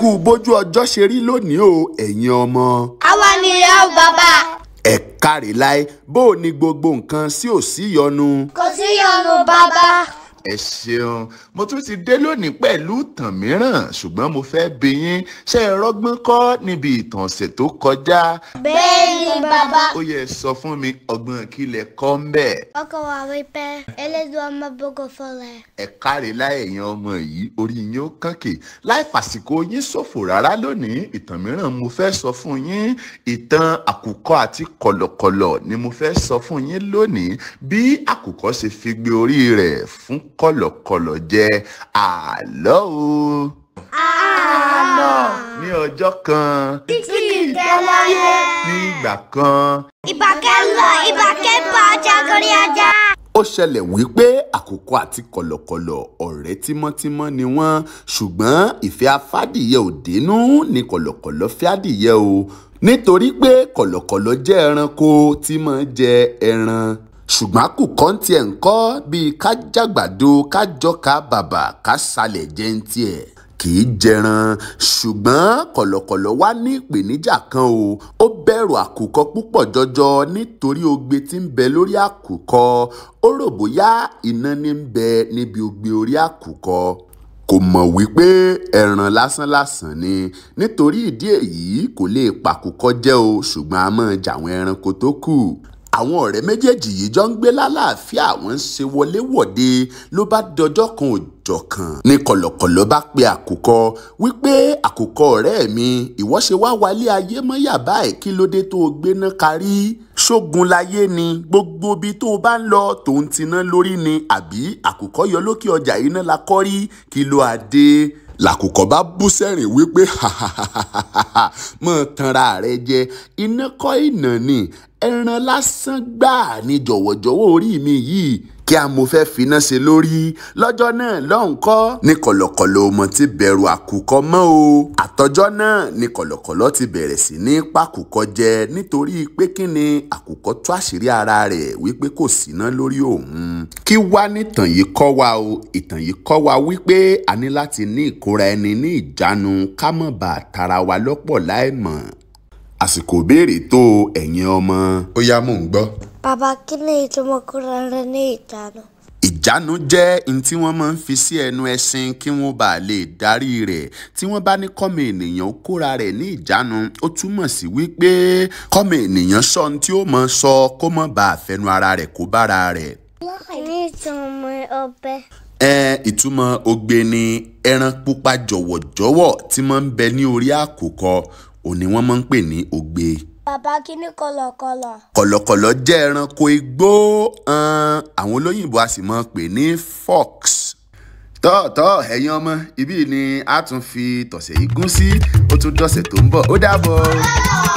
kú bójú ọjọ́ ṣe rí lónìí o ẹ̀yin ọmọ. àwa ni ìyá ò bàbá. ẹ káre láé bó o ní gbogbo nǹkan sí ò sí yọnu. kò sí yọnu bàbá. ẹ ṣeun mo tún ti dé lónìí pẹ̀lú ìtàn mìíràn ṣùgbọ́n mo fẹ́ bi yín ṣé ẹ rọ́gbọ́n kọ́ níbi ìtàn tó kọjá. bẹ́ẹ̀ ni bàbá. ó yẹ sọ fún mi ọgbọ́n kílẹ̀ kọ́ ń bẹ̀. ọkọ wa wí pé elédùn ọmọ bógo fọlẹ. ẹ káre láẹ̀yàn ọmọ yìí orí yín ó kànkè láì fàsìkò yín ṣòfò rárá lónìí ìtàn mìíràn mo fẹ́ sọ fún yín ìtàn àkùkọ àti kọ̀lọ̀kọ̀lọ̀ ni mo fẹ́ sọ fún yín lónìí bí àkùkọ ṣe fi gbé orí rẹ̀ fún kọ̀lọ̀kọ̀lọ̀ jẹ àlọ́ o. àlọ́ ní ọjọ́ kan. títí ìkẹ́ láyé. ní ìgbà kan. ìbàkẹ́ lọ ìbàkẹ́ bá ọjàgùn ní ajá. ó ṣẹlẹ̀ wípé àkókò àti kọ̀lọ̀kọ̀lọ̀ ọ̀rẹ́ tímọ́tímọ́ ni wọ́n ṣùgbọ́n ìfẹ́ afádìyẹ ò dénú ni kọ̀lọ̀kọ̀lọ̀ fẹ́ adìyẹ o nítorí pé kọ̀lọ̀kọ̀lọ̀ jẹ́ ẹranko tí máa jẹ ẹran ṣùgbọ́n àkùkọ ń tiẹ̀ ń kọ́ bíi ká jàgbàdo ká jọ́ka bàbà ká salẹ̀ jẹ́ ń tiẹ̀ kì í jẹran ṣùgbọ́n kọ̀lọ̀kọ̀lọ̀ wá ní ìpèníjà kan o ó bẹ̀rù àkùkọ púpọ̀ jọjọ nítorí ogbe tí ń bẹ lórí àkùkọ ó rò bóyá iná ní ń bẹ níbi ogbe orí àkùkọ kò mọ̀ wípé ẹ̀ràn lásánlásán ni nítorí ìdí èyí kò lè pàkùkọ jẹ́ o ṣùgbọ́n a máa jà àwọn ẹranko tó kù àwọn ọ̀rẹ́ méjèèjì yìí jọ ń gbé lálàáfíà àwọn ń ṣe wọléwọ̀de ló bá dọjọ́ kan òjọ̀ kan ní kọ̀lọ̀kọ̀lọ̀ bá pe àkùkọ wípé àkùkọ ọ̀rẹ́ mi ìwọ ṣe wá wálé ayé mọ́yà báyìí kí ló dé tó o gbéná karí ṣógun láyé ni gbogbo ibi tó o bá ń lọ tó ń tiná lórí ni àbí àkùkọ yọ lókè ọjà iná la kọ́ rí kí ló adé làkùkọ bá bú sẹ́rìn wípé mọ̀ tanra rẹ jẹ iná kọ́ ìnà ni ẹran lásán gbáà ni jọ̀wọ́jọ̀wọ́ orí mi yìí kí a mo fẹ́ finá ṣe lórí lọ́jọ́ náà lọ́nkọ́ ní kọ̀lọ̀kọ̀lọ̀ ọmọ ti bẹ̀rù àkùkọ mọ́ o àtọjọ́ náà ní kọ̀lọ̀kọ̀lọ̀ ti bẹ̀rẹ̀ sí ní pàkùkọ jẹ nítorí pé kí ni àkùkọ tú àṣírí ara rẹ̀ wípé kò síná lórí òun. kí wá nìtàn yìí kọ́ wa o ìtàn yìí kọ́ wa wípé a ní láti ní ìkóra ẹni ní ìjánu ká má bàa tara wa lọ́pọ̀ láìmọ̀ àsìkò béèrè tó ẹ̀yin ọmọ. ó yá mò ń gbọ́. bàbá kí ni ìtumọ̀ Kùránì ní ìjánu. ìjánu jẹ́ n tí wọ́n máa ń fi sí ẹnu ẹṣin kí wọ́n bá lè darí rẹ̀ tí wọ́n bá ní kọ́mọ ènìyàn kóra rẹ̀ ní ìjánu ó túmọ̀ sí wípé kọ́mọ ènìyàn sọ ohun tí ó mọ̀ sọ kó mọ̀ bá àfẹnu ara rẹ̀ kó bára rẹ̀. ní ìtumọ̀ ọbẹ̀ ẹ ìtumọ̀ ogbe ni ẹran pupa jọ̀wọ̀jọ̀wọ̀ tí máa ń bẹ ní orí àkùkọ òun ni wọ́n máa ń pè ní ògbé. bàbá kínní kọlọkọlọ. kọlọkọlọ jẹ́ ẹranko igbó àwọn olóyìnbó a sì máa pè ní fox. tọ́ọ̀tọ́ ẹ̀yin ọmọ ibí ni a tún fi tọ̀sẹ̀ yìí gún sí ó tún dọ̀sẹ̀ tó ń bọ̀ ó dàbọ̀.